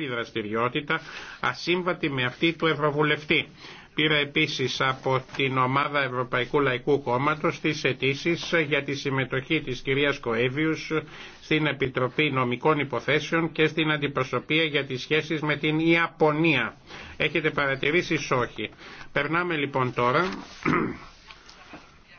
η δραστηριότητα ασύμβατη με αυτή του Ευρωβουλευτή. Πήρα επίσης από την ομάδα Ευρωπαϊκού Λαϊκού Κόμματος τις αιτήσει για τη συμμετοχή της κυρίας Κοέβιους στην Επιτροπή Νομικών Υποθέσεων και στην Αντιπροσωπεία για τις σχέσεις με την Ιαπωνία. Έχετε παρατηρήσει όχι. Περνάμε λοιπόν τώρα